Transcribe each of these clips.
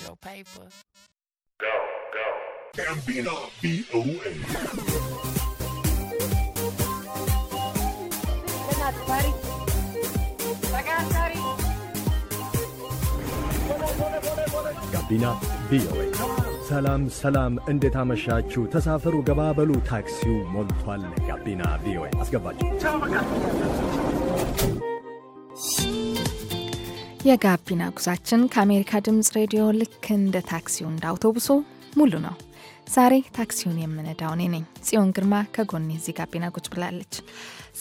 is your paper. Go, go. Gambino B-O-A. ጋቢና ቪኦኤ። ሰላም ሰላም፣ እንዴት አመሻችሁ? ተሳፈሩ፣ ገባበሉ፣ ታክሲው ሞልቷል። ጋቢና ቪኦኤ አስገባችሁ። የጋቢና ጉዛችን ከአሜሪካ ድምፅ ሬዲዮ ልክ እንደ ታክሲው እንደ አውቶቡሱ ሙሉ ነው። ዛሬ ታክሲውን የምነዳው እኔ ነኝ ጽዮን ግርማ። ከጎኔ እዚህ ጋቢና ቁጭ ብላለች።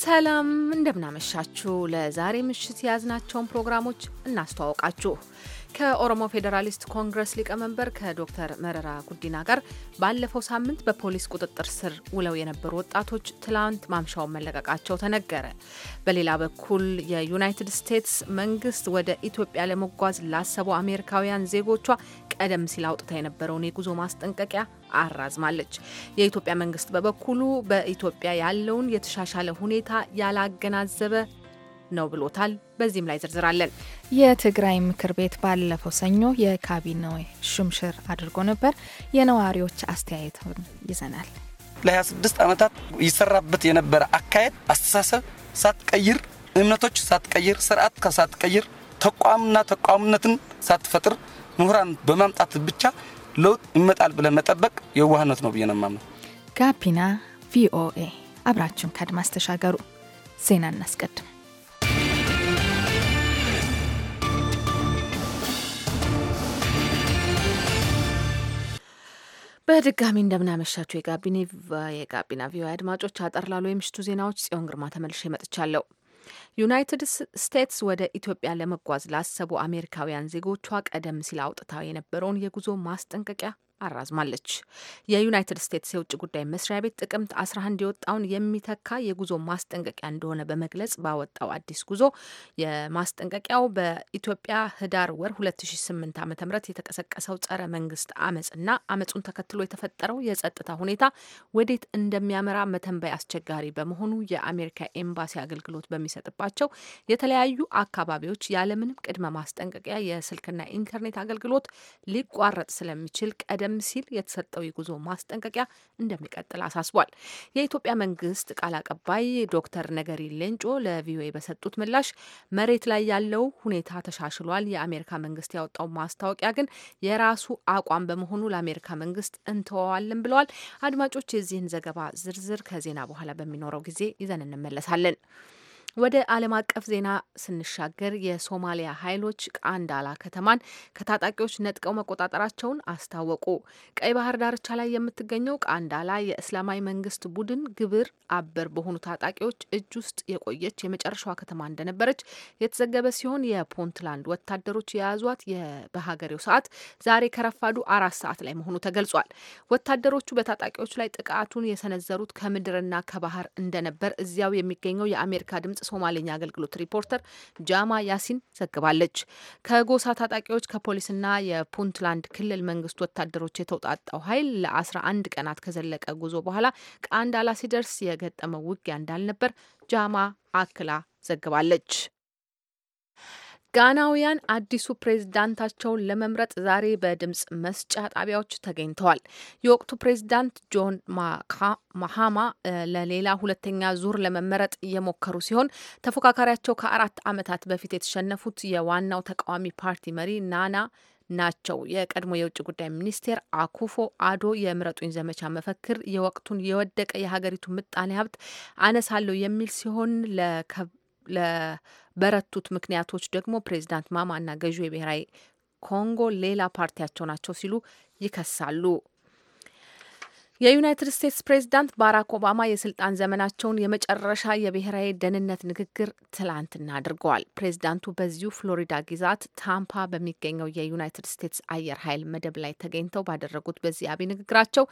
ሰላም እንደምናመሻችሁ። ለዛሬ ምሽት የያዝናቸውን ፕሮግራሞች እናስተዋውቃችሁ። ከኦሮሞ ፌዴራሊስት ኮንግረስ ሊቀመንበር ከዶክተር መረራ ጉዲና ጋር ባለፈው ሳምንት በፖሊስ ቁጥጥር ስር ውለው የነበሩ ወጣቶች ትላንት ማምሻውን መለቀቃቸው ተነገረ። በሌላ በኩል የዩናይትድ ስቴትስ መንግስት ወደ ኢትዮጵያ ለመጓዝ ላሰቡ አሜሪካውያን ዜጎቿ ቀደም ሲል አውጥታ የነበረውን የጉዞ ማስጠንቀቂያ አራዝማለች። የኢትዮጵያ መንግስት በበኩሉ በኢትዮጵያ ያለውን የተሻሻለ ሁኔታ ያላገናዘበ ነው ብሎታል። በዚህም ላይ ዝርዝራለን። የትግራይ ምክር ቤት ባለፈው ሰኞ የካቢኔ ሹምሽር አድርጎ ነበር። የነዋሪዎች አስተያየትን ይዘናል። ለ26 ዓመታት ይሰራበት የነበረ አካሄድ፣ አስተሳሰብ ሳትቀይር፣ እምነቶች ሳትቀይር፣ ስርዓት ሳትቀይር፣ ተቋምና ተቋምነትን ሳትፈጥር ምሁራን በማምጣት ብቻ ለውጥ ይመጣል ብለን መጠበቅ የዋህነት ነው ብዬ ነው የማምነው። ጋቢና ቪኦኤ አብራችሁን ከአድማስ ተሻገሩ። ዜና እናስቀድም። በድጋሚ እንደምናመሻችሁ የጋቢኔ የጋቢና ቪኦኤ አድማጮች፣ አጠር ላሉ የምሽቱ ዜናዎች ጽዮን ግርማ ተመልሼ መጥቻለሁ። ዩናይትድ ስቴትስ ወደ ኢትዮጵያ ለመጓዝ ላሰቡ አሜሪካውያን ዜጎቿ ቀደም ሲል አውጥታ የነበረውን የጉዞ ማስጠንቀቂያ አራዝማለች። የዩናይትድ ስቴትስ የውጭ ጉዳይ መስሪያ ቤት ጥቅምት 11 የወጣውን የሚተካ የጉዞ ማስጠንቀቂያ እንደሆነ በመግለጽ ባወጣው አዲስ ጉዞ የማስጠንቀቂያው በኢትዮጵያ ህዳር ወር 2008 ዓ.ም የተቀሰቀሰው ጸረ መንግስት አመፅና አመፁን ተከትሎ የተፈጠረው የጸጥታ ሁኔታ ወዴት እንደሚያመራ መተንበይ አስቸጋሪ በመሆኑ የአሜሪካ ኤምባሲ አገልግሎት በሚሰጥባቸው የተለያዩ አካባቢዎች ያለምንም ቅድመ ማስጠንቀቂያ የስልክና ኢንተርኔት አገልግሎት ሊቋረጥ ስለሚችል ቀደም ቀደም ሲል የተሰጠው የጉዞ ማስጠንቀቂያ እንደሚቀጥል አሳስቧል። የኢትዮጵያ መንግስት ቃል አቀባይ ዶክተር ነገሪ ሌንጮ ለቪኦኤ በሰጡት ምላሽ መሬት ላይ ያለው ሁኔታ ተሻሽሏል፣ የአሜሪካ መንግስት ያወጣው ማስታወቂያ ግን የራሱ አቋም በመሆኑ ለአሜሪካ መንግስት እንተዋዋለን ብለዋል። አድማጮች የዚህን ዘገባ ዝርዝር ከዜና በኋላ በሚኖረው ጊዜ ይዘን እንመለሳለን። ወደ ዓለም አቀፍ ዜና ስንሻገር የሶማሊያ ኃይሎች ቃንዳላ ከተማን ከታጣቂዎች ነጥቀው መቆጣጠራቸውን አስታወቁ። ቀይ ባህር ዳርቻ ላይ የምትገኘው ቃንዳላ የእስላማዊ መንግስት ቡድን ግብር አበር በሆኑ ታጣቂዎች እጅ ውስጥ የቆየች የመጨረሻዋ ከተማ እንደነበረች የተዘገበ ሲሆን የፑንትላንድ ወታደሮች የያዟት በሀገሬው ሰዓት ዛሬ ከረፋዱ አራት ሰዓት ላይ መሆኑ ተገልጿል። ወታደሮቹ በታጣቂዎች ላይ ጥቃቱን የሰነዘሩት ከምድርና ከባህር እንደነበር እዚያው የሚገኘው የአሜሪካ ድምጽ ሶማሌኛ አገልግሎት ሪፖርተር ጃማ ያሲን ዘግባለች። ከጎሳ ታጣቂዎች ከፖሊስና የፑንትላንድ ክልል መንግስት ወታደሮች የተውጣጣው ኃይል ለ11 ቀናት ከዘለቀ ጉዞ በኋላ ከአንዳላ ሲደርስ የገጠመው ውጊያ እንዳልነበር ጃማ አክላ ዘግባለች። ጋናውያን አዲሱ ፕሬዝዳንታቸውን ለመምረጥ ዛሬ በድምፅ መስጫ ጣቢያዎች ተገኝተዋል። የወቅቱ ፕሬዝዳንት ጆን ማሃማ ለሌላ ሁለተኛ ዙር ለመመረጥ እየሞከሩ ሲሆን ተፎካካሪያቸው ከአራት ዓመታት በፊት የተሸነፉት የዋናው ተቃዋሚ ፓርቲ መሪ ናና ናቸው። የቀድሞ የውጭ ጉዳይ ሚኒስቴር አኩፎ አዶ የምረጡኝ ዘመቻ መፈክር የወቅቱን የወደቀ የሀገሪቱ ምጣኔ ሀብት አነሳለሁ የሚል ሲሆን ለበረቱት ምክንያቶች ደግሞ ፕሬዚዳንት ማማ እና ገዢው የብሔራዊ ኮንጎ ሌላ ፓርቲያቸው ናቸው ሲሉ ይከሳሉ። የዩናይትድ ስቴትስ ፕሬዚዳንት ባራክ ኦባማ የስልጣን ዘመናቸውን የመጨረሻ የብሔራዊ ደህንነት ንግግር ትላንትና አድርገዋል። ፕሬዚዳንቱ በዚሁ ፍሎሪዳ ግዛት ታምፓ በሚገኘው የዩናይትድ ስቴትስ አየር ኃይል መደብ ላይ ተገኝተው ባደረጉት በዚህ አብይ ንግግራቸው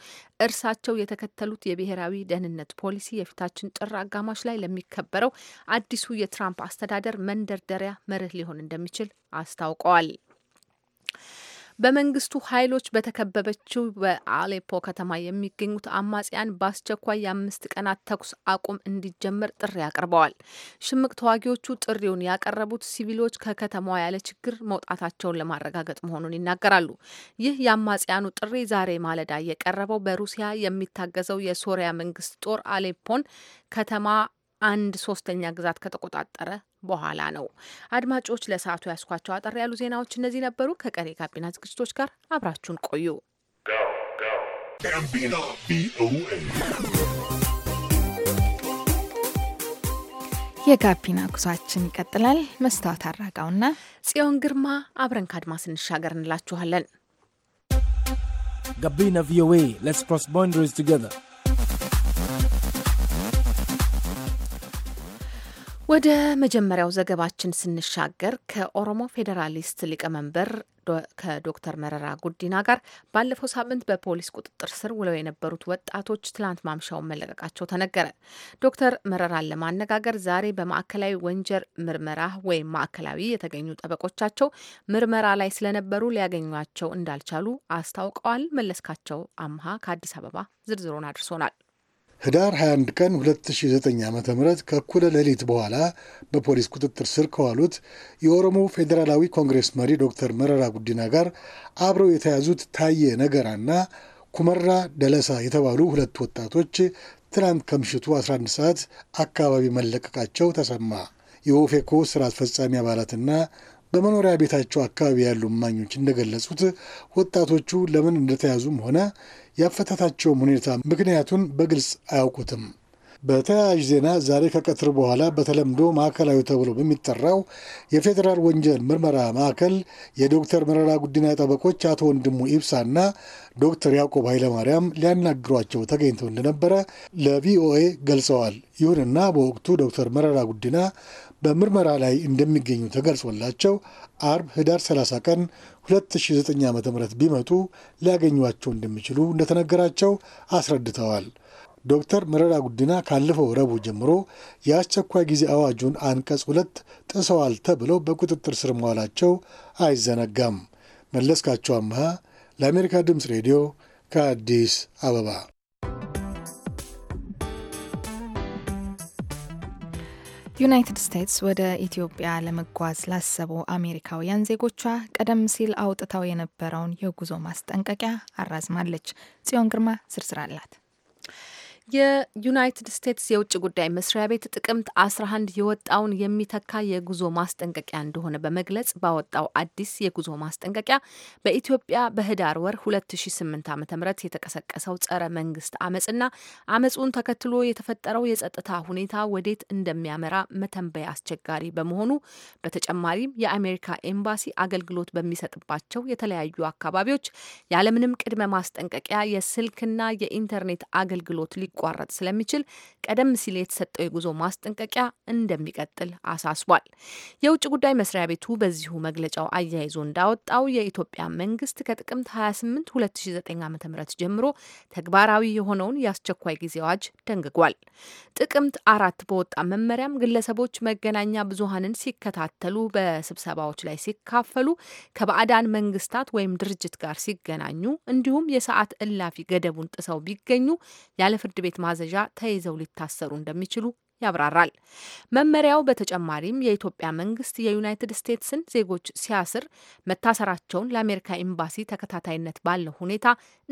እርሳቸው የተከተሉት የብሔራዊ ደህንነት ፖሊሲ የፊታችን ጥር አጋማሽ ላይ ለሚከበረው አዲሱ የትራምፕ አስተዳደር መንደርደሪያ መርህ ሊሆን እንደሚችል አስታውቀዋል። በመንግስቱ ኃይሎች በተከበበችው በአሌፖ ከተማ የሚገኙት አማጽያን በአስቸኳይ የአምስት ቀናት ተኩስ አቁም እንዲጀመር ጥሪ አቅርበዋል። ሽምቅ ተዋጊዎቹ ጥሪውን ያቀረቡት ሲቪሎች ከከተማዋ ያለ ችግር መውጣታቸውን ለማረጋገጥ መሆኑን ይናገራሉ። ይህ የአማጽያኑ ጥሪ ዛሬ ማለዳ የቀረበው በሩሲያ የሚታገዘው የሶሪያ መንግስት ጦር አሌፖን ከተማ አንድ ሶስተኛ ግዛት ከተቆጣጠረ በኋላ ነው። አድማጮች ለሰዓቱ ያስኳቸው አጠር ያሉ ዜናዎች እነዚህ ነበሩ። ከቀሪ ጋቢና ዝግጅቶች ጋር አብራችሁን ቆዩ። የጋቢና ጉዟችን ይቀጥላል። መስታወት አራጋውና ጽዮን ግርማ አብረን ከአድማስ ስንሻገር እንላችኋለን። ጋቢና ቪኦኤ ሌትስ ክሮስ ባውንደሪስ ቱጌዘር ወደ መጀመሪያው ዘገባችን ስንሻገር ከኦሮሞ ፌዴራሊስት ሊቀመንበር ከዶክተር መረራ ጉዲና ጋር ባለፈው ሳምንት በፖሊስ ቁጥጥር ስር ውለው የነበሩት ወጣቶች ትላንት ማምሻውን መለቀቃቸው ተነገረ። ዶክተር መረራን ለማነጋገር ዛሬ በማዕከላዊ ወንጀር ምርመራ ወይም ማዕከላዊ የተገኙ ጠበቆቻቸው ምርመራ ላይ ስለነበሩ ሊያገኟቸው እንዳልቻሉ አስታውቀዋል። መለስካቸው አምሃ ከአዲስ አበባ ዝርዝሩን አድርሶናል። ህዳር 21 ቀን 2009 ዓ ም ከእኩለ ሌሊት በኋላ በፖሊስ ቁጥጥር ስር ከዋሉት የኦሮሞ ፌዴራላዊ ኮንግሬስ መሪ ዶክተር መረራ ጉዲና ጋር አብረው የተያዙት ታዬ ነገራና ኩመራ ደለሳ የተባሉ ሁለት ወጣቶች ትናንት ከምሽቱ 11 ሰዓት አካባቢ መለቀቃቸው ተሰማ። የኦፌኮ ስራ አስፈጻሚ አባላትና በመኖሪያ ቤታቸው አካባቢ ያሉ እማኞች እንደገለጹት ወጣቶቹ ለምን እንደተያዙም ሆነ ያፈታታቸውም ሁኔታ ምክንያቱን በግልጽ አያውቁትም። በተያያዥ ዜና ዛሬ ከቀትር በኋላ በተለምዶ ማዕከላዊ ተብሎ በሚጠራው የፌዴራል ወንጀል ምርመራ ማዕከል የዶክተር መረራ ጉዲና ጠበቆች አቶ ወንድሙ ኢብሳና ዶክተር ያዕቆብ ኃይለማርያም ሊያናግሯቸው ተገኝተው እንደነበረ ለቪኦኤ ገልጸዋል። ይሁንና በወቅቱ ዶክተር መረራ ጉዲና በምርመራ ላይ እንደሚገኙ ተገልጾላቸው አርብ ህዳር 30 ቀን 2009 ዓ ም ቢመጡ ሊያገኟቸው እንደሚችሉ እንደተነገራቸው አስረድተዋል። ዶክተር መረራ ጉዲና ካለፈው ረቡዕ ጀምሮ የአስቸኳይ ጊዜ አዋጁን አንቀጽ ሁለት ጥሰዋል ተብለው በቁጥጥር ስር መዋላቸው አይዘነጋም። መለስካቸው አምሃ ለአሜሪካ ድምፅ ሬዲዮ ከአዲስ አበባ ዩናይትድ ስቴትስ ወደ ኢትዮጵያ ለመጓዝ ላሰቡ አሜሪካውያን ዜጎቿ ቀደም ሲል አውጥታው የነበረውን የጉዞ ማስጠንቀቂያ አራዝማለች። ጽዮን ግርማ ዝርዝር አላት። የዩናይትድ ስቴትስ የውጭ ጉዳይ መስሪያ ቤት ጥቅምት 11 የወጣውን የሚተካ የጉዞ ማስጠንቀቂያ እንደሆነ በመግለጽ ባወጣው አዲስ የጉዞ ማስጠንቀቂያ በኢትዮጵያ በህዳር ወር 2008 ዓ ም የተቀሰቀሰው ጸረ መንግስት አመፅና አመፁን ተከትሎ የተፈጠረው የጸጥታ ሁኔታ ወዴት እንደሚያመራ መተንበይ አስቸጋሪ በመሆኑ በተጨማሪም የአሜሪካ ኤምባሲ አገልግሎት በሚሰጥባቸው የተለያዩ አካባቢዎች ያለምንም ቅድመ ማስጠንቀቂያ የስልክና የኢንተርኔት አገልግሎት ሊቋረጥ ስለሚችል ቀደም ሲል የተሰጠው የጉዞ ማስጠንቀቂያ እንደሚቀጥል አሳስቧል። የውጭ ጉዳይ መስሪያ ቤቱ በዚሁ መግለጫው አያይዞ እንዳወጣው የኢትዮጵያ መንግስት ከጥቅምት 28 2009 ዓ ም ጀምሮ ተግባራዊ የሆነውን የአስቸኳይ ጊዜ አዋጅ ደንግጓል። ጥቅምት አራት በወጣ መመሪያም ግለሰቦች መገናኛ ብዙሀንን ሲከታተሉ፣ በስብሰባዎች ላይ ሲካፈሉ፣ ከባዕዳን መንግስታት ወይም ድርጅት ጋር ሲገናኙ እንዲሁም የሰዓት እላፊ ገደቡን ጥሰው ቢገኙ ያለ ፍርድ የቤት ማዘዣ ተይዘው ሊታሰሩ እንደሚችሉ ያብራራል። መመሪያው በተጨማሪም የኢትዮጵያ መንግስት የዩናይትድ ስቴትስን ዜጎች ሲያስር መታሰራቸውን ለአሜሪካ ኤምባሲ ተከታታይነት ባለው ሁኔታ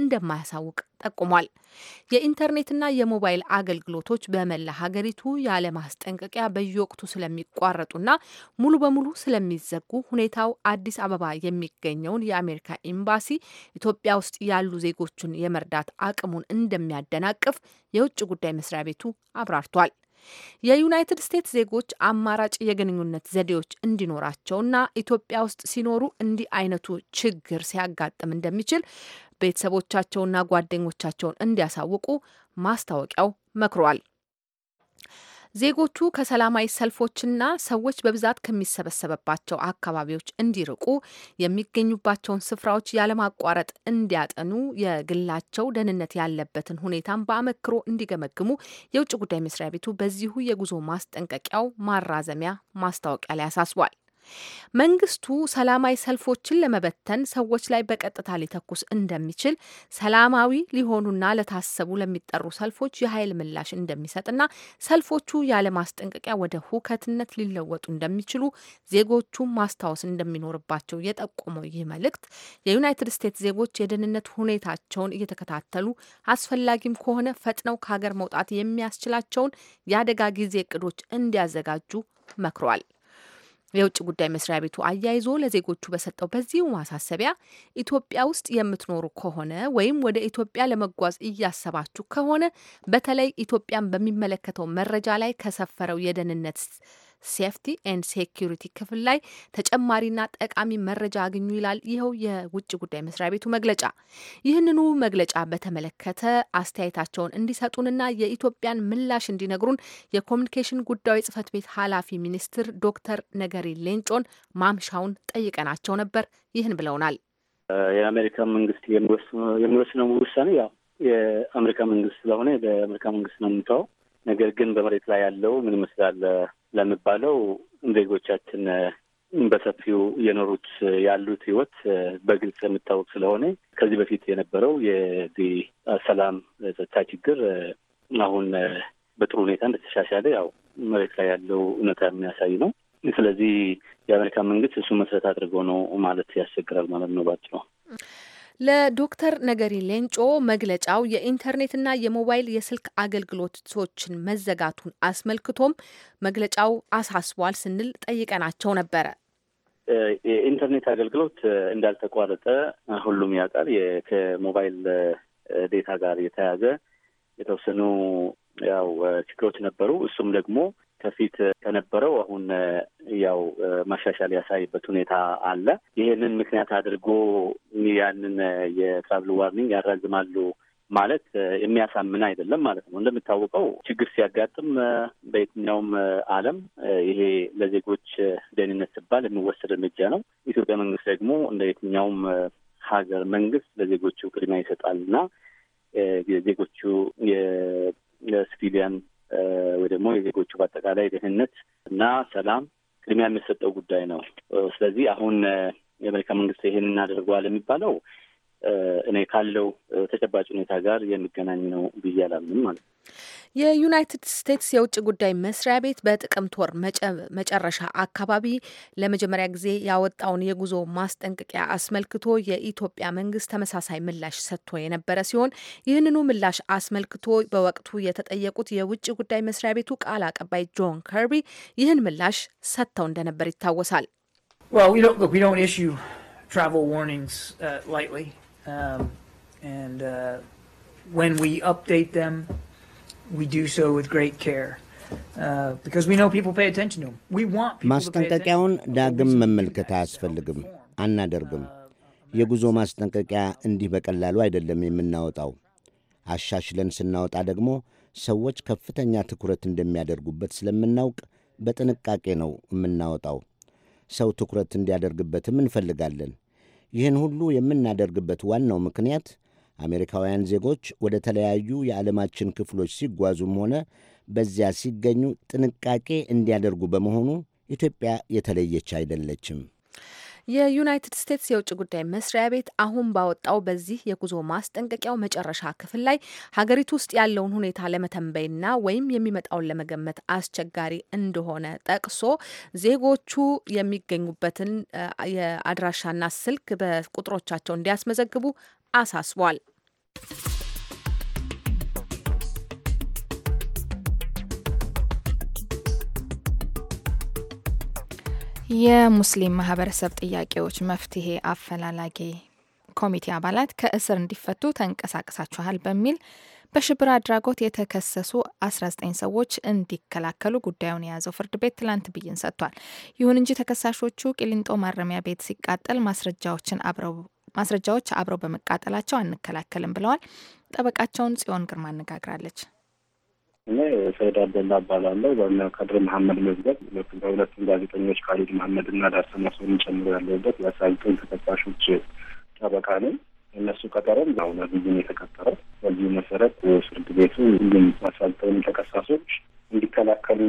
እንደማያሳውቅ ጠቁሟል። የኢንተርኔትና የሞባይል አገልግሎቶች በመላ ሀገሪቱ ያለ ማስጠንቀቂያ በየወቅቱ ስለሚቋረጡና ሙሉ በሙሉ ስለሚዘጉ ሁኔታው አዲስ አበባ የሚገኘውን የአሜሪካ ኤምባሲ ኢትዮጵያ ውስጥ ያሉ ዜጎችን የመርዳት አቅሙን እንደሚያደናቅፍ የውጭ ጉዳይ መስሪያ ቤቱ አብራርቷል። የዩናይትድ ስቴትስ ዜጎች አማራጭ የግንኙነት ዘዴዎች እንዲኖራቸውና ኢትዮጵያ ውስጥ ሲኖሩ እንዲህ አይነቱ ችግር ሲያጋጥም እንደሚችል ቤተሰቦቻቸውና ጓደኞቻቸውን እንዲያሳውቁ ማስታወቂያው መክሯል። ዜጎቹ ከሰላማዊ ሰልፎችና ሰዎች በብዛት ከሚሰበሰበባቸው አካባቢዎች እንዲርቁ የሚገኙባቸውን ስፍራዎች ያለማቋረጥ እንዲያጠኑ የግላቸው ደህንነት ያለበትን ሁኔታም በአመክሮ እንዲገመግሙ የውጭ ጉዳይ መስሪያ ቤቱ በዚሁ የጉዞ ማስጠንቀቂያው ማራዘሚያ ማስታወቂያ ላይ አሳስቧል። መንግስቱ ሰላማዊ ሰልፎችን ለመበተን ሰዎች ላይ በቀጥታ ሊተኩስ እንደሚችል፣ ሰላማዊ ሊሆኑና ለታሰቡ ለሚጠሩ ሰልፎች የኃይል ምላሽ እንደሚሰጥና ሰልፎቹ ያለማስጠንቀቂያ ወደ ሁከትነት ሊለወጡ እንደሚችሉ ዜጎቹ ማስታወስ እንደሚኖርባቸው የጠቆመው ይህ መልእክት የዩናይትድ ስቴትስ ዜጎች የደህንነት ሁኔታቸውን እየተከታተሉ አስፈላጊም ከሆነ ፈጥነው ከሀገር መውጣት የሚያስችላቸውን የአደጋ ጊዜ እቅዶች እንዲያዘጋጁ መክሯል። የውጭ ጉዳይ መስሪያ ቤቱ አያይዞ ለዜጎቹ በሰጠው በዚሁ ማሳሰቢያ ኢትዮጵያ ውስጥ የምትኖሩ ከሆነ ወይም ወደ ኢትዮጵያ ለመጓዝ እያሰባችሁ ከሆነ በተለይ ኢትዮጵያን በሚመለከተው መረጃ ላይ ከሰፈረው የደህንነት ሴፍቲ ኤንድ ሴኪሪቲ ክፍል ላይ ተጨማሪና ጠቃሚ መረጃ አግኙ ይላል ይኸው የውጭ ጉዳይ መስሪያ ቤቱ መግለጫ። ይህንኑ መግለጫ በተመለከተ አስተያየታቸውን እንዲሰጡንና የኢትዮጵያን ምላሽ እንዲነግሩን የኮሚኒኬሽን ጉዳዮች ጽህፈት ቤት ኃላፊ ሚኒስትር ዶክተር ነገሪ ሌንጮን ማምሻውን ጠይቀናቸው ነበር። ይህን ብለውናል። የአሜሪካ መንግስት የሚወስነው ውሳኔ ያው የአሜሪካ መንግስት ስለሆነ በአሜሪካ መንግስት ነው የምታው ነገር ግን በመሬት ላይ ያለው ምን ይመስላል ለሚባለው ዜጎቻችን በሰፊው የኖሩት ያሉት ህይወት በግልጽ የሚታወቅ ስለሆነ ከዚህ በፊት የነበረው የዚህ ሰላም ጸጥታ ችግር አሁን በጥሩ ሁኔታ እንደተሻሻለ ያው መሬት ላይ ያለው እውነታ የሚያሳይ ነው። ስለዚህ የአሜሪካ መንግስት እሱ መሰረት አድርጎ ነው ማለት ያስቸግራል ማለት ነው ነው። ለዶክተር ነገሪ ሌንጮ መግለጫው የኢንተርኔትና የሞባይል የስልክ አገልግሎቶችን መዘጋቱን አስመልክቶም መግለጫው አሳስቧል ስንል ጠይቀናቸው ነበረ። የኢንተርኔት አገልግሎት እንዳልተቋረጠ ሁሉም ያውቃል። ከሞባይል ዴታ ጋር የተያዘ የተወሰኑ ያው ችግሮች ነበሩ። እሱም ደግሞ ከፊት ከነበረው አሁን ያው መሻሻል ያሳይበት ሁኔታ አለ። ይህንን ምክንያት አድርጎ ያንን የትራቭል ዋርኒንግ ያራዝማሉ ማለት የሚያሳምን አይደለም ማለት ነው። እንደሚታወቀው ችግር ሲያጋጥም በየትኛውም ዓለም ይሄ ለዜጎች ደህንነት ሲባል የሚወሰድ እርምጃ ነው። ኢትዮጵያ መንግስት ደግሞ እንደ የትኛውም ሀገር መንግስት ለዜጎቹ ቅድሚያ ይሰጣል እና ዜጎቹ የሲቪሊያን ወይ ደግሞ የዜጎቹ በአጠቃላይ ደህንነት እና ሰላም ቅድሚያ የሚሰጠው ጉዳይ ነው። ስለዚህ አሁን የአሜሪካ መንግስት ይሄን እናደርገዋል የሚባለው እኔ ካለው ተጨባጭ ሁኔታ ጋር የሚገናኝ ነው ብዬ አላምንም ማለት ነው። የዩናይትድ ስቴትስ የውጭ ጉዳይ መስሪያ ቤት በጥቅምት ወር መጨረሻ አካባቢ ለመጀመሪያ ጊዜ ያወጣውን የጉዞ ማስጠንቀቂያ አስመልክቶ የኢትዮጵያ መንግስት ተመሳሳይ ምላሽ ሰጥቶ የነበረ ሲሆን ይህንኑ ምላሽ አስመልክቶ በወቅቱ የተጠየቁት የውጭ ጉዳይ መስሪያ ቤቱ ቃል አቀባይ ጆን ከርቢ ይህን ምላሽ ሰጥተው እንደነበር ይታወሳል። Uh, ማስጠንቀቂያውን ዳግም መመልከት አያስፈልግም፣ አናደርግም። uh, የጉዞ ማስጠንቀቂያ እንዲህ በቀላሉ አይደለም የምናወጣው። አሻሽለን ስናወጣ ደግሞ ሰዎች ከፍተኛ ትኩረት እንደሚያደርጉበት ስለምናውቅ በጥንቃቄ ነው የምናወጣው። ሰው ትኩረት እንዲያደርግበትም እንፈልጋለን። ይህን ሁሉ የምናደርግበት ዋናው ምክንያት አሜሪካውያን ዜጎች ወደ ተለያዩ የዓለማችን ክፍሎች ሲጓዙም ሆነ በዚያ ሲገኙ ጥንቃቄ እንዲያደርጉ በመሆኑ ኢትዮጵያ የተለየች አይደለችም። የዩናይትድ ስቴትስ የውጭ ጉዳይ መስሪያ ቤት አሁን ባወጣው በዚህ የጉዞ ማስጠንቀቂያው መጨረሻ ክፍል ላይ ሀገሪቱ ውስጥ ያለውን ሁኔታ ለመተንበይና ወይም የሚመጣውን ለመገመት አስቸጋሪ እንደሆነ ጠቅሶ ዜጎቹ የሚገኙበትን የአድራሻና ስልክ በቁጥሮቻቸው እንዲያስመዘግቡ አሳስቧል። የሙስሊም ማህበረሰብ ጥያቄዎች መፍትሄ አፈላላጊ ኮሚቴ አባላት ከእስር እንዲፈቱ ተንቀሳቅሳችኋል በሚል በሽብር አድራጎት የተከሰሱ 19 ሰዎች እንዲከላከሉ ጉዳዩን የያዘው ፍርድ ቤት ትላንት ብይን ሰጥቷል። ይሁን እንጂ ተከሳሾቹ ቂሊንጦ ማረሚያ ቤት ሲቃጠል ማስረጃዎችን አብረው ማስረጃዎች አብረው በመቃጠላቸው አንከላከልም ብለዋል። ጠበቃቸውን ጽዮን ግርማ አነጋግራለች። እኔ ሰይድ አብደላ እባላለሁ። በእነ ከድር መሐመድ መዝገብ በሁለቱም ጋዜጠኞች ካሊድ መሐመድ እና ዳርሰማ ሰውን ጨምሮ ያለሁበት የአስራ ዘጠኝ ተከሳሾች ጠበቃ ነኝ። እነሱ ቀጠረም ያው ለጊዜ የተቀጠረው በዚሁ መሰረት ፍርድ ቤቱ ሁሉም አስራ ዘጠኝ ተከሳሾች እንዲከላከሉ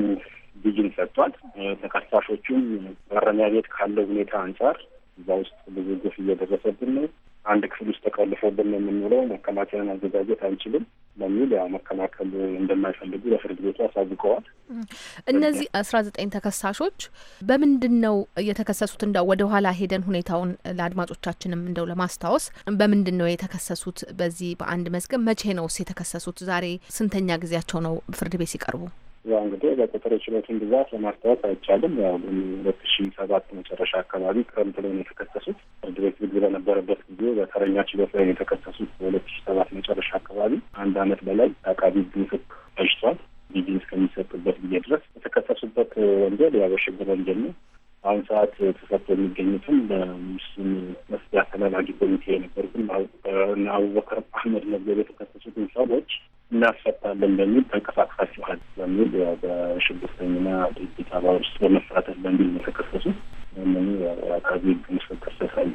ብይን ሰጥቷል። ተከሳሾቹም ማረሚያ ቤት ካለው ሁኔታ አንጻር እዛ ውስጥ ብዙ ግፍ እየደረሰብን ነው። አንድ ክፍል ውስጥ ተቀልፎብን ነው የምንውለው፣ መከላከያን አዘጋጀት አንችልም በሚል ያው መከላከል እንደማይፈልጉ ለፍርድ ቤቱ አሳውቀዋል። እነዚህ አስራ ዘጠኝ ተከሳሾች በምንድን ነው የተከሰሱት? እንደው ወደ ኋላ ሄደን ሁኔታውን ለአድማጮቻችንም እንደው ለማስታወስ በምንድን ነው የተከሰሱት? በዚህ በአንድ መዝገብ መቼ ነውስ የተከሰሱት? ዛሬ ስንተኛ ጊዜያቸው ነው ፍርድ ቤት ሲቀርቡ? ያው እንግዲህ በቁጥር የችሎቱን ብዛት ለማስታወቅ አይቻልም። ያው ግን ሁለት ሺ ሰባት መጨረሻ አካባቢ ክረምት ላይ የተከሰሱት። ፍርድ ቤት ዝግ በነበረበት ጊዜ በተረኛ ችሎት ላይ የተከሰሱት። በሁለት ሺ ሰባት መጨረሻ አካባቢ አንድ አመት በላይ አቃቢ ምስክ ፈጅቷል። ጊዜ እስከሚሰጡበት ጊዜ ድረስ የተከሰሱበት ወንጀል ያው በሽብር ወንጀል ነው። አሁን ሰዓት ተሰጥቶ የሚገኙትም በሙስሊም መፍትሄ አስተናጋጅ ኮሚቴ የነበሩትም እና አቡበከር አህመድ መዝገብ የተከሰሱትን ሰዎች እናስፈታለን በሚል ተንቀሳቅሳችኋል በሚል በሽብርተኝና ድርጅት አባ ውስጥ በመሳተፍ በሚል ነው አቃቢ ህግ ምስክር ተሳይ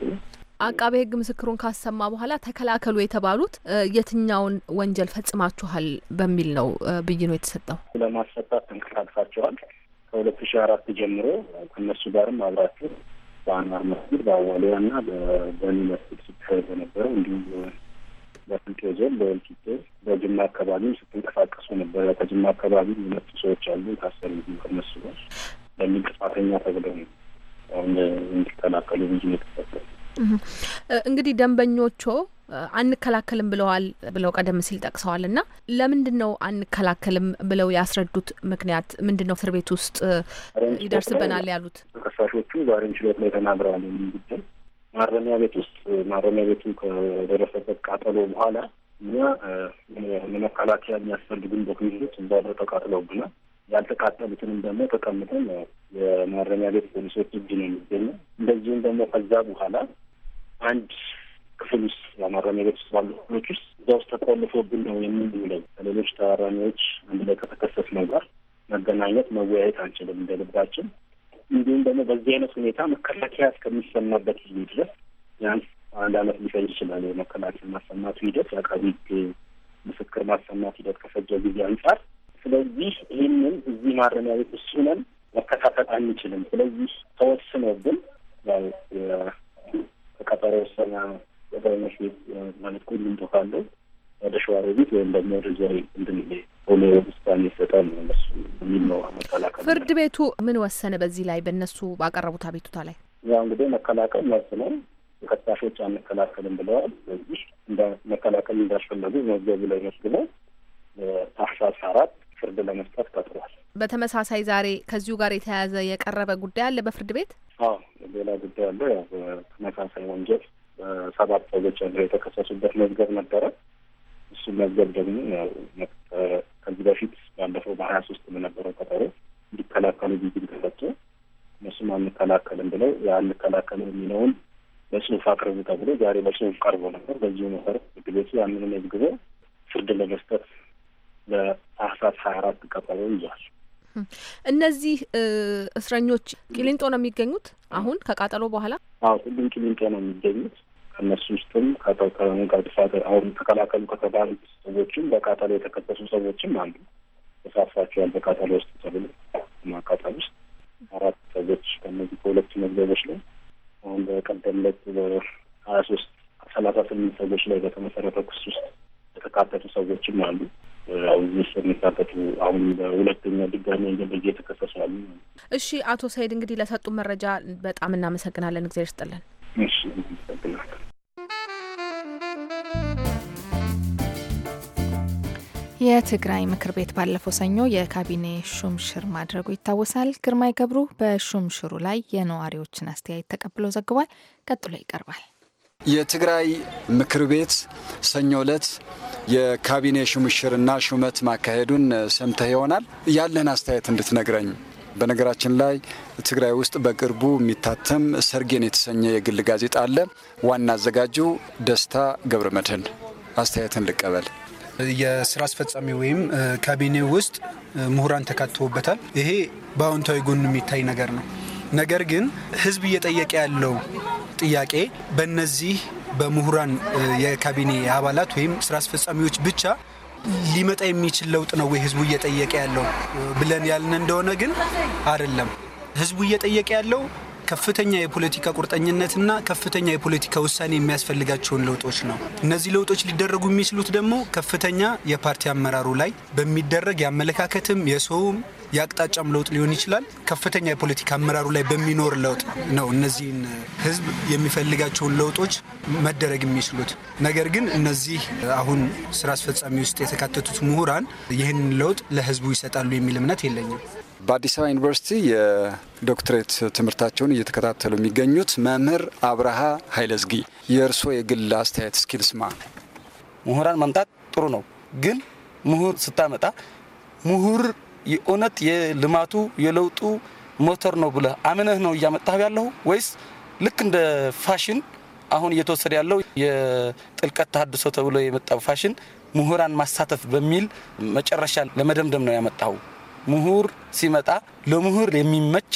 አቃቤ ህግ ምስክሩን ካሰማ በኋላ ተከላከሉ የተባሉት የትኛውን ወንጀል ፈጽማችኋል በሚል ነው ብይኑ የተሰጠው? ለማስፈታት ተንቀሳቅሳችኋል ከሁለት ሺ አራት ጀምሮ ከእነሱ ጋርም አብራችሁ በአንዋር መስጊድ በአዋሊያ እና በበኒ መስጊድ ሲካሄድ በነበረው እንዲሁም በስልጤ ዞን በወልቂጤ በጅማ አካባቢም ስትንቀሳቀሱ ነበረ። ከጅማ አካባቢ ሁለቱ ሰዎች አሉ ታሰሩ። ከነሱ በሚል ጥፋተኛ ተብለው ነው አሁን እንዲከላከሉ ብዙ የተሰጠው። እንግዲህ ደንበኞቾ አንከላከልም ብለዋል ብለው ቀደም ሲል ጠቅሰዋል። እና ለምንድን ነው አንከላከልም ብለው ያስረዱት ምክንያት ምንድን ነው? እስር ቤት ውስጥ ይደርስበናል ያሉት ተከሳሾቹ ዛሬም ችሎት ላይ ተናግረዋል የሚጉዳይ ማረሚያ ቤት ውስጥ ማረሚያ ቤቱ ከደረሰበት ቃጠሎ በኋላ እኛ ለመከላከያ የሚያስፈልጉን ዶክሜንቶች እንዳለ ተቃጥለውብናል። ያልተቃጠሉትንም ደግሞ ተቀምጠን የማረሚያ ቤት ፖሊሶች እጅ ነው የሚገኘው። እንደዚሁም ደግሞ ከዛ በኋላ አንድ ክፍል ውስጥ የማረሚያ ቤት ውስጥ ባሉ ክፍሎች ውስጥ እዛ ውስጥ ተቆልፎብን ነው የምንውለው። ከሌሎች ታራሚዎች አንድ ላይ ከተከሰስነው ጋር መገናኘት መወያየት አንችልም እንደልባችን እንዲሁም ደግሞ በዚህ አይነት ሁኔታ መከላከያ እስከሚሰማበት ጊዜ ድረስ ቢያንስ አንድ አመት ሊፈጅ ይችላል። የመከላከያ ማሰማቱ ሂደት የአቃቢ ሕግ ምስክር ማሰማት ሂደት ከፈጀ ጊዜ አንጻር፣ ስለዚህ ይህንን እዚህ ማረሚያ ቤት እሱ መከታተል አንችልም። ስለዚህ ተወስኖብን ያው ከቀጠሮ ውሳኛ ጠቅላይ መስቤት ማለት ቦታ አለው ወደ ሸዋሮቢት ወይም ደግሞ ወደዚያ እንትን ሆኖ ውሳኔ ይሰጣል ነው እነሱ የሚል ነው መከላከል። ፍርድ ቤቱ ምን ወሰነ? በዚህ ላይ በእነሱ ባቀረቡት አቤቱታ ላይ ያው እንግዲህ መከላከል መብት ነው። ተከሳሾች አንከላከልም ብለዋል። ስለዚህ መከላከል እንዳስፈለጉ መዝገቡ ላይ መስግበው ታህሳስ አራት ፍርድ ለመስጠት ቀጥሯል። በተመሳሳይ ዛሬ ከዚሁ ጋር የተያያዘ የቀረበ ጉዳይ አለ በፍርድ ቤት። አዎ ሌላ ጉዳይ አለ። ያው በተመሳሳይ ወንጀል ሰባት ሰዎች ያለው የተከሰሱበት መዝገብ ነበረ። እሱን መዝገብ ደግሞ ከዚህ በፊት ባለፈው በሀያ ሶስት በነበረው ቀጠሮ እንዲከላከሉ ጊዜ ተሰጥቶ እነሱም አንከላከልም ብለው አንከላከልም የሚለውን በጽሁፍ አቅርቡ ተብሎ ዛሬ በጽሁፍ ቀርቦ ነበር። በዚሁ መሰረት ፍርድ ቤቱ ያንን መዝግቦ ፍርድ ለመስጠት ለታህሳስ ሀያ አራት ቀጠሮ ይዟል። እነዚህ እስረኞች ቂሊንጦ ነው የሚገኙት። አሁን ከቃጠሎ በኋላ አዎ፣ ሁሉም ቂሊንጦ ነው የሚገኙት። ከእነሱ ውስጥም ከጥፋት አሁን ተከላከሉ ከተባሉ ሰዎችም በቃጠሎ የተከሰሱ ሰዎችም አሉ ተሳትፏቸዋል። በቃጠሎ ውስጥ ተብሎ ማቃጠል ውስጥ አራት ሰዎች ከነዚህ ከሁለቱ መዝገቦች ላይ አሁን በቀደም ዕለት በሀያ ሶስት ሰላሳ ስምንት ሰዎች ላይ በተመሰረተ ክስ ውስጥ የተካተቱ ሰዎችም አሉ። የሚካተቱ አሁን በሁለተኛ ድጋሚ እንደበየ የተከሰሱ አሉ። እሺ፣ አቶ ሰይድ እንግዲህ ለሰጡ መረጃ በጣም እናመሰግናለን። እግዚአብሔር ይስጥልን። እሺ የትግራይ ምክር ቤት ባለፈው ሰኞ የካቢኔ ሹምሽር ማድረጉ ይታወሳል። ግርማይ ገብሩ በሹምሽሩ ላይ የነዋሪዎችን አስተያየት ተቀብሎ ዘግቧል። ቀጥሎ ይቀርባል። የትግራይ ምክር ቤት ሰኞ ዕለት የካቢኔ ሹምሽርና ሹመት ማካሄዱን ሰምተህ ይሆናል። ያለን አስተያየት እንድትነግረኝ በነገራችን ላይ ትግራይ ውስጥ በቅርቡ የሚታተም ሰርጌን የተሰኘ የግል ጋዜጣ አለ። ዋና አዘጋጁ ደስታ ገብረ መድህን። አስተያየትን ልቀበል። የስራ አስፈጻሚ ወይም ካቢኔ ውስጥ ምሁራን ተካትቶበታል። ይሄ በአዎንታዊ ጎን የሚታይ ነገር ነው። ነገር ግን ህዝብ እየጠየቀ ያለው ጥያቄ በእነዚህ በምሁራን የካቢኔ አባላት ወይም ስራ አስፈጻሚዎች ብቻ ሊመጣ የሚችል ለውጥ ነው ወይ ህዝቡ እየጠየቀ ያለው ብለን ያልን እንደሆነ ግን አይደለም። ህዝቡ እየጠየቀ ያለው ከፍተኛ የፖለቲካ ቁርጠኝነትና ከፍተኛ የፖለቲካ ውሳኔ የሚያስፈልጋቸውን ለውጦች ነው። እነዚህ ለውጦች ሊደረጉ የሚችሉት ደግሞ ከፍተኛ የፓርቲ አመራሩ ላይ በሚደረግ የአመለካከትም የሰውም የአቅጣጫም ለውጥ ሊሆን ይችላል። ከፍተኛ የፖለቲካ አመራሩ ላይ በሚኖር ለውጥ ነው እነዚህን ህዝብ የሚፈልጋቸውን ለውጦች መደረግ የሚችሉት። ነገር ግን እነዚህ አሁን ስራ አስፈጻሚ ውስጥ የተካተቱት ምሁራን ይህንን ለውጥ ለህዝቡ ይሰጣሉ የሚል እምነት የለኝም። በአዲስ አበባ ዩኒቨርሲቲ የዶክትሬት ትምህርታቸውን እየተከታተሉ የሚገኙት መምህር አብርሃ ኃይለዝጊ የእርስዎ የግል አስተያየት እስኪልስማ ምሁራን ማምጣት ጥሩ ነው፣ ግን ምሁር ስታመጣ ምሁር የእውነት የልማቱ የለውጡ ሞተር ነው ብለህ አምነህ ነው እያመጣህ ያለሁ ወይስ ልክ እንደ ፋሽን አሁን እየተወሰደ ያለው የጥልቀት ታድሶ ተብሎ የመጣው ፋሽን ምሁራን ማሳተፍ በሚል መጨረሻ ለመደምደም ነው ያመጣው? ምሁር ሲመጣ ለምሁር የሚመች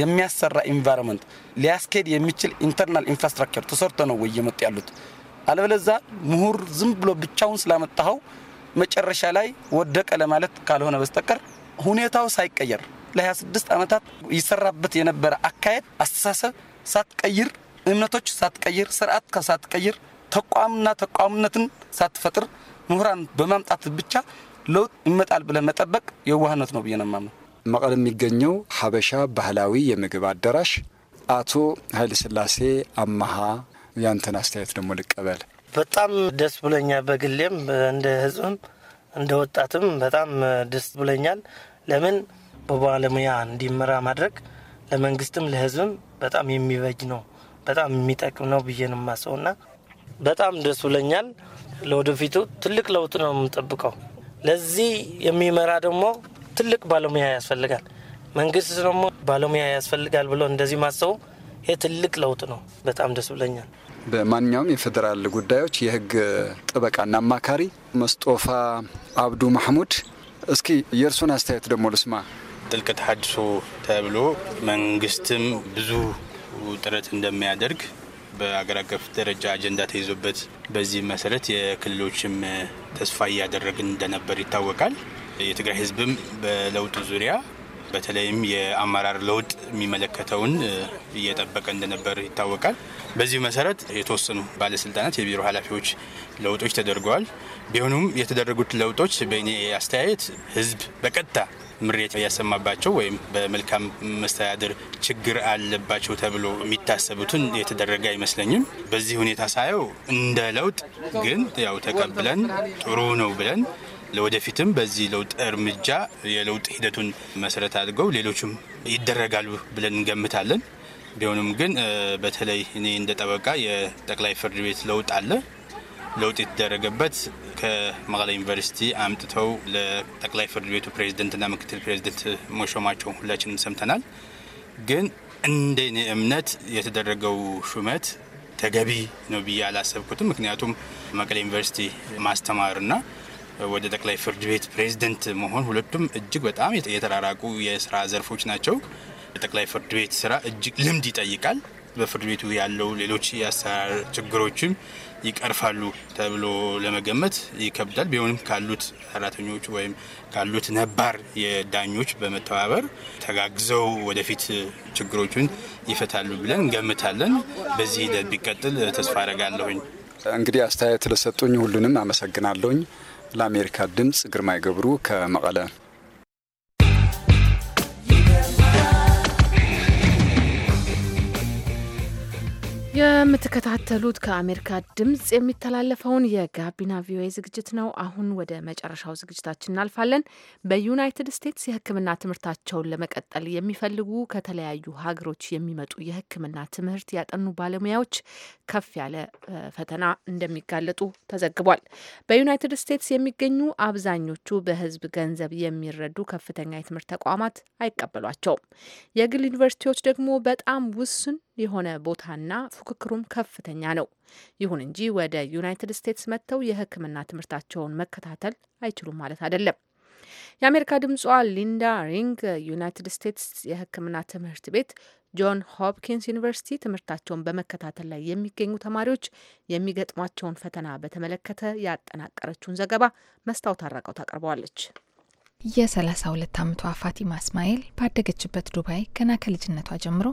የሚያሰራ ኢንቫይሮመንት ሊያስኬድ የሚችል ኢንተርናል ኢንፍራስትራክቸር ተሰርቶ ነው ወይ እየመጡ ያሉት። አለበለዛ ምሁር ዝም ብሎ ብቻውን ስላመጣኸው መጨረሻ ላይ ወደቀ ለማለት ካልሆነ በስተቀር ሁኔታው ሳይቀየር ለ26 ዓመታት ይሰራበት የነበረ አካሄድ፣ አስተሳሰብ ሳትቀይር፣ እምነቶች ሳትቀይር፣ ስርዓት ሳትቀይር፣ ተቋምና ተቋምነትን ሳትፈጥር ምሁራን በማምጣት ብቻ ለውጥ ይመጣል ብለን መጠበቅ የዋህነት ነው ብዬ ነው የማምነው። መቀለ የሚገኘው ሀበሻ ባህላዊ የምግብ አዳራሽ አቶ ኃይለስላሴ አማሃ ያንተን አስተያየት ደግሞ ልቀበል። በጣም ደስ ብሎኛል። በግሌም እንደ ህዝብም እንደ ወጣትም በጣም ደስ ብሎኛል። ለምን በባለሙያ እንዲመራ ማድረግ ለመንግስትም ለህዝብም በጣም የሚበጅ ነው፣ በጣም የሚጠቅም ነው ብዬ ነው በጣም ደስ ብሎኛል። ለወደፊቱ ትልቅ ለውጥ ነው የምጠብቀው። ለዚህ የሚመራ ደግሞ ትልቅ ባለሙያ ያስፈልጋል። መንግስት ደግሞ ባለሙያ ያስፈልጋል ብሎ እንደዚህ ማሰቡ ይህ ትልቅ ለውጥ ነው። በጣም ደስ ብለኛል። በማንኛውም የፌዴራል ጉዳዮች የህግ ጥበቃና አማካሪ መስጦፋ አብዱ ማህሙድ እስኪ የእርሱን አስተያየት ደግሞ ልስማ። ጥልቅ ተሃድሶ ተብሎ መንግስትም ብዙ ጥረት እንደሚያደርግ በአገር አቀፍ ደረጃ አጀንዳ ተይዞበት በዚህ መሰረት የክልሎችም ተስፋ እያደረግን እንደነበር ይታወቃል። የትግራይ ህዝብም በለውጡ ዙሪያ በተለይም የአመራር ለውጥ የሚመለከተውን እየጠበቀ እንደነበር ይታወቃል። በዚህ መሰረት የተወሰኑ ባለስልጣናት፣ የቢሮ ኃላፊዎች ለውጦች ተደርገዋል። ቢሆኑም የተደረጉት ለውጦች በእኔ አስተያየት ህዝብ በቀጥታ ምሬት ያሰማባቸው ወይም በመልካም መስተዳደር ችግር አለባቸው ተብሎ የሚታሰቡትን የተደረገ አይመስለኝም። በዚህ ሁኔታ ሳየው እንደ ለውጥ ግን ያው ተቀብለን ጥሩ ነው ብለን ለወደፊትም በዚህ ለውጥ እርምጃ የለውጥ ሂደቱን መሰረት አድርገው ሌሎችም ይደረጋሉ ብለን እንገምታለን። ቢሆንም ግን በተለይ እኔ እንደ ጠበቃ የጠቅላይ ፍርድ ቤት ለውጥ አለ ለውጥ የተደረገበት ከመቀለ ዩኒቨርሲቲ አምጥተው ለጠቅላይ ፍርድ ቤቱ ፕሬዝደንትና ምክትል ፕሬዝደንት መሾማቸው ሁላችንም ሰምተናል። ግን እንደ እኔ እምነት የተደረገው ሹመት ተገቢ ነው ብዬ አላሰብኩትም። ምክንያቱም መቀለ ዩኒቨርሲቲ ማስተማርና ወደ ጠቅላይ ፍርድ ቤት ፕሬዝደንት መሆን ሁለቱም እጅግ በጣም የተራራቁ የስራ ዘርፎች ናቸው። የጠቅላይ ፍርድ ቤት ስራ እጅግ ልምድ ይጠይቃል። በፍርድ ቤቱ ያለው ሌሎች የአሰራር ችግሮችም ይቀርፋሉ ተብሎ ለመገመት ይከብዳል። ቢሆንም ካሉት ሰራተኞች ወይም ካሉት ነባር የዳኞች በመተባበር ተጋግዘው ወደፊት ችግሮቹን ይፈታሉ ብለን እንገምታለን። በዚህ ሂደት ቢቀጥል ተስፋ አረጋለሁኝ። እንግዲህ አስተያየት ለሰጡኝ ሁሉንም አመሰግናለሁኝ። ለአሜሪካ ድምፅ ግርማይ ገብሩ ከመቀለ የምትከታተሉት ከአሜሪካ ድምጽ የሚተላለፈውን የጋቢና ቪኦኤ ዝግጅት ነው። አሁን ወደ መጨረሻው ዝግጅታችን እናልፋለን። በዩናይትድ ስቴትስ የሕክምና ትምህርታቸውን ለመቀጠል የሚፈልጉ ከተለያዩ ሀገሮች የሚመጡ የሕክምና ትምህርት ያጠኑ ባለሙያዎች ከፍ ያለ ፈተና እንደሚጋለጡ ተዘግቧል። በዩናይትድ ስቴትስ የሚገኙ አብዛኞቹ በሕዝብ ገንዘብ የሚረዱ ከፍተኛ የትምህርት ተቋማት አይቀበሏቸውም። የግል ዩኒቨርሲቲዎች ደግሞ በጣም ውስን የሆነ ቦታና ፉክክሩም ከፍተኛ ነው። ይሁን እንጂ ወደ ዩናይትድ ስቴትስ መጥተው የሕክምና ትምህርታቸውን መከታተል አይችሉም ማለት አይደለም። የአሜሪካ ድምጿ ሊንዳ ሪንግ ዩናይትድ ስቴትስ የሕክምና ትምህርት ቤት ጆን ሆፕኪንስ ዩኒቨርሲቲ ትምህርታቸውን በመከታተል ላይ የሚገኙ ተማሪዎች የሚገጥሟቸውን ፈተና በተመለከተ ያጠናቀረችውን ዘገባ መስታወት አራቀው ታቀርበዋለች። የ32 ዓመቷ ፋቲማ እስማኤል ባደገችበት ዱባይ ገና ከልጅነቷ ጀምሮ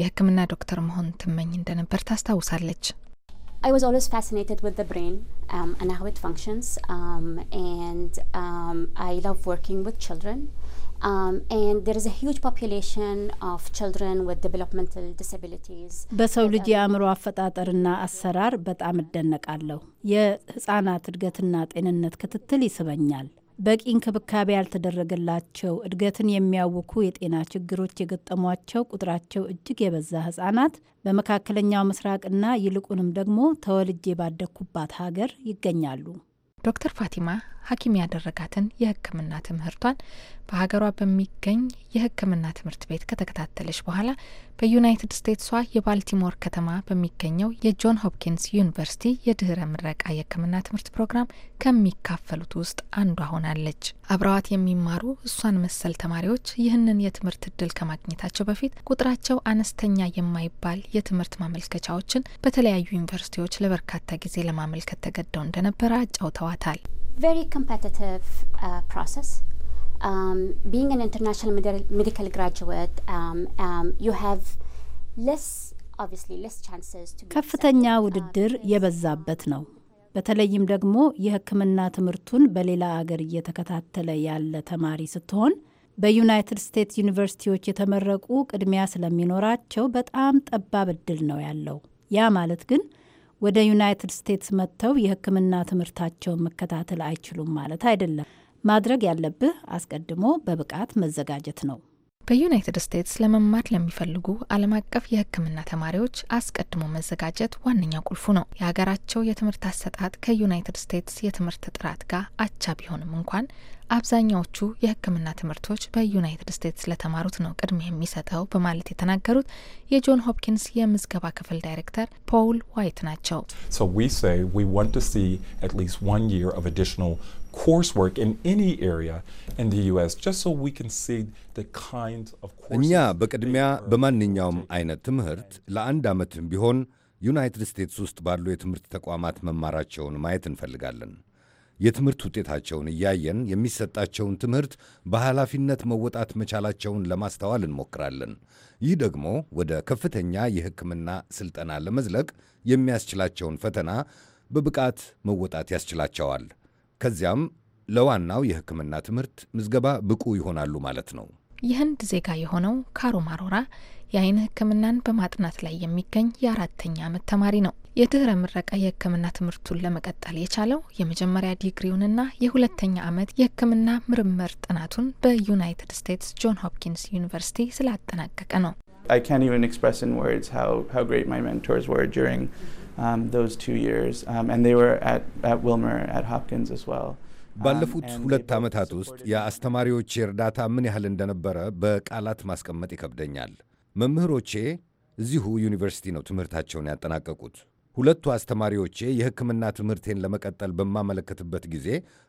የሕክምና ዶክተር መሆን ትመኝ እንደነበር ታስታውሳለች። በሰው ልጅ um, የአእምሮ አፈጣጠርና አሰራር በጣም እደነቃለሁ። የህጻናት እድገትና ጤንነት ክትትል ይስበኛል። በቂ እንክብካቤ ያልተደረገላቸው እድገትን የሚያውኩ የጤና ችግሮች የገጠሟቸው ቁጥራቸው እጅግ የበዛ ህጻናት በመካከለኛው ምስራቅና ይልቁንም ደግሞ ተወልጄ ባደግኩባት ሀገር ይገኛሉ። ዶክተር ፋቲማ ሐኪም ያደረጋትን የህክምና ትምህርቷን በሀገሯ በሚገኝ የህክምና ትምህርት ቤት ከተከታተለች በኋላ በዩናይትድ ስቴትሷ የባልቲሞር ከተማ በሚገኘው የጆን ሆፕኪንስ ዩኒቨርሲቲ የድህረ ምረቃ የሕክምና ትምህርት ፕሮግራም ከሚካፈሉት ውስጥ አንዷ ሆናለች። አብረዋት የሚማሩ እሷን መሰል ተማሪዎች ይህንን የትምህርት እድል ከማግኘታቸው በፊት ቁጥራቸው አነስተኛ የማይባል የትምህርት ማመልከቻዎችን በተለያዩ ዩኒቨርሲቲዎች ለበርካታ ጊዜ ለማመልከት ተገደው እንደነበረ አጫውተዋታል። ቨሪ ኮምፒቲቲቭ ፕሮሰስ um, being an international med- medical graduate, um, um, you have less obviously less chances to. be. ከፍተኛ uh, ውድድር የበዛበት um, ነው። በተለይም ደግሞ የሕክምና ትምህርቱን በሌላ አገር እየተከታተለ ያለ ተማሪ ስትሆን በዩናይትድ ስቴትስ ዩኒቨርሲቲዎች የተመረቁ ቅድሚያ ስለሚኖራቸው በጣም ጠባብ እድል ነው ያለው። ያ ማለት ግን ወደ ዩናይትድ ስቴትስ መጥተው የሕክምና ትምህርታቸውን መከታተል አይችሉም ማለት አይደለም። ማድረግ ያለብህ አስቀድሞ በብቃት መዘጋጀት ነው። በዩናይትድ ስቴትስ ለመማር ለሚፈልጉ ዓለም አቀፍ የሕክምና ተማሪዎች አስቀድሞ መዘጋጀት ዋነኛው ቁልፉ ነው። የሀገራቸው የትምህርት አሰጣጥ ከዩናይትድ ስቴትስ የትምህርት ጥራት ጋር አቻ ቢሆንም እንኳን አብዛኛዎቹ የሕክምና ትምህርቶች በዩናይትድ ስቴትስ ለተማሩት ነው ቅድሚያ የሚሰጠው በማለት የተናገሩት የጆን ሆፕኪንስ የምዝገባ ክፍል ዳይሬክተር ፖል ዋይት ናቸው። coursework in any area in the US just so we can see the kind of courses እኛ በቅድሚያ በማንኛውም አይነት ትምህርት ለአንድ ዓመትም ቢሆን ዩናይትድ ስቴትስ ውስጥ ባሉ የትምህርት ተቋማት መማራቸውን ማየት እንፈልጋለን። የትምህርት ውጤታቸውን እያየን የሚሰጣቸውን ትምህርት በኃላፊነት መወጣት መቻላቸውን ለማስተዋል እንሞክራለን። ይህ ደግሞ ወደ ከፍተኛ የሕክምና ሥልጠና ለመዝለቅ የሚያስችላቸውን ፈተና በብቃት መወጣት ያስችላቸዋል። ከዚያም ለዋናው የሕክምና ትምህርት ምዝገባ ብቁ ይሆናሉ ማለት ነው። የህንድ ዜጋ የሆነው ካሩም አሮራ የአይን ሕክምናን በማጥናት ላይ የሚገኝ የአራተኛ ዓመት ተማሪ ነው። የድህረ ምረቃ የሕክምና ትምህርቱን ለመቀጠል የቻለው የመጀመሪያ ዲግሪውንና የሁለተኛ ዓመት የሕክምና ምርምር ጥናቱን በዩናይትድ ስቴትስ ጆን ሆፕኪንስ ዩኒቨርሲቲ ስላጠናቀቀ ነው። I can't even express in words how, how great my mentors were during Um, those two years, um, and they were at, at Wilmer at Hopkins as well. Um, ባለፉት ሁለት ዓመታት ውስጥ የአስተማሪዎቼ እርዳታ ምን ያህል እንደነበረ በቃላት ማስቀመጥ ይከብደኛል። መምህሮቼ እዚሁ ዩኒቨርሲቲ ነው ትምህርታቸውን ያጠናቀቁት። ሁለቱ አስተማሪዎቼ የሕክምና ትምህርቴን ለመቀጠል በማመለከትበት ጊዜ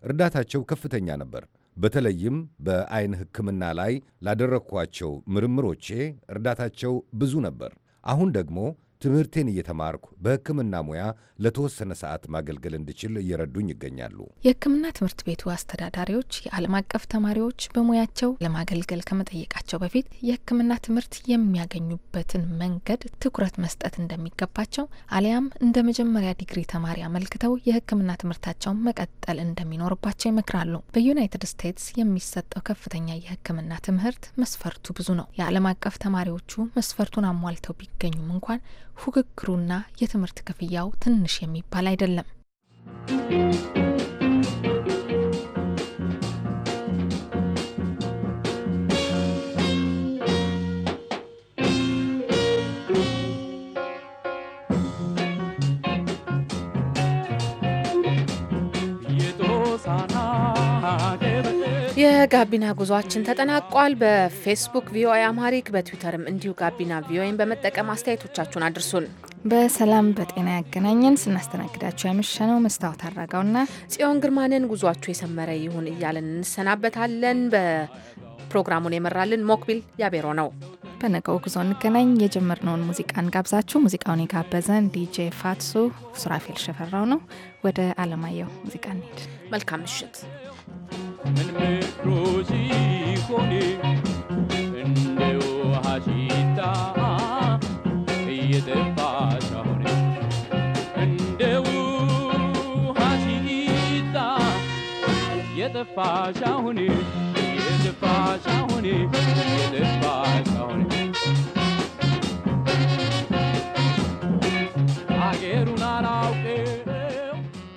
እርዳታቸው ከፍተኛ ነበር። በተለይም በአይን ሕክምና ላይ ላደረግኳቸው ምርምሮቼ እርዳታቸው ብዙ ነበር። አሁን ደግሞ ትምህርቴን እየተማርኩ በሕክምና ሙያ ለተወሰነ ሰዓት ማገልገል እንድችል እየረዱኝ ይገኛሉ። የሕክምና ትምህርት ቤቱ አስተዳዳሪዎች የዓለም አቀፍ ተማሪዎች በሙያቸው ለማገልገል ከመጠየቃቸው በፊት የሕክምና ትምህርት የሚያገኙበትን መንገድ ትኩረት መስጠት እንደሚገባቸው አሊያም እንደ መጀመሪያ ዲግሪ ተማሪ አመልክተው የሕክምና ትምህርታቸውን መቀጠል እንደሚኖርባቸው ይመክራሉ። በዩናይትድ ስቴትስ የሚሰጠው ከፍተኛ የሕክምና ትምህርት መስፈርቱ ብዙ ነው። የዓለም አቀፍ ተማሪዎቹ መስፈርቱን አሟልተው ቢገኙም እንኳን ፉክክሩና የትምህርት ክፍያው ትንሽ የሚባል አይደለም። የጋቢና ጉዟችን ተጠናቋል። በፌስቡክ ቪኦኤ አማሪክ፣ በትዊተርም እንዲሁ ጋቢና ቪኦኤን በመጠቀም አስተያየቶቻችሁን አድርሱን። በሰላም በጤና ያገናኘን። ስናስተናግዳችሁ ያመሸነው መስታወት አድራጋውና ጽዮን ግርማንን ጉዟችሁ የሰመረ ይሁን እያለን እንሰናበታለን። በፕሮግራሙን የመራልን ሞክቢል ያቤሮ ነው። በነገው ጉዞ እንገናኝ። የጀመርነውን ሙዚቃ እንጋብዛችሁ። ሙዚቃውን የጋበዘን ዲጄ ፋትሱ ሱራፌል ሸፈራው ነው። ወደ አለማየሁ ሙዚቃ እንሄድ። መልካም ምሽት። የጠፋሽ አሁን የጠፋሽ አሁን የጠፋሽ አሁን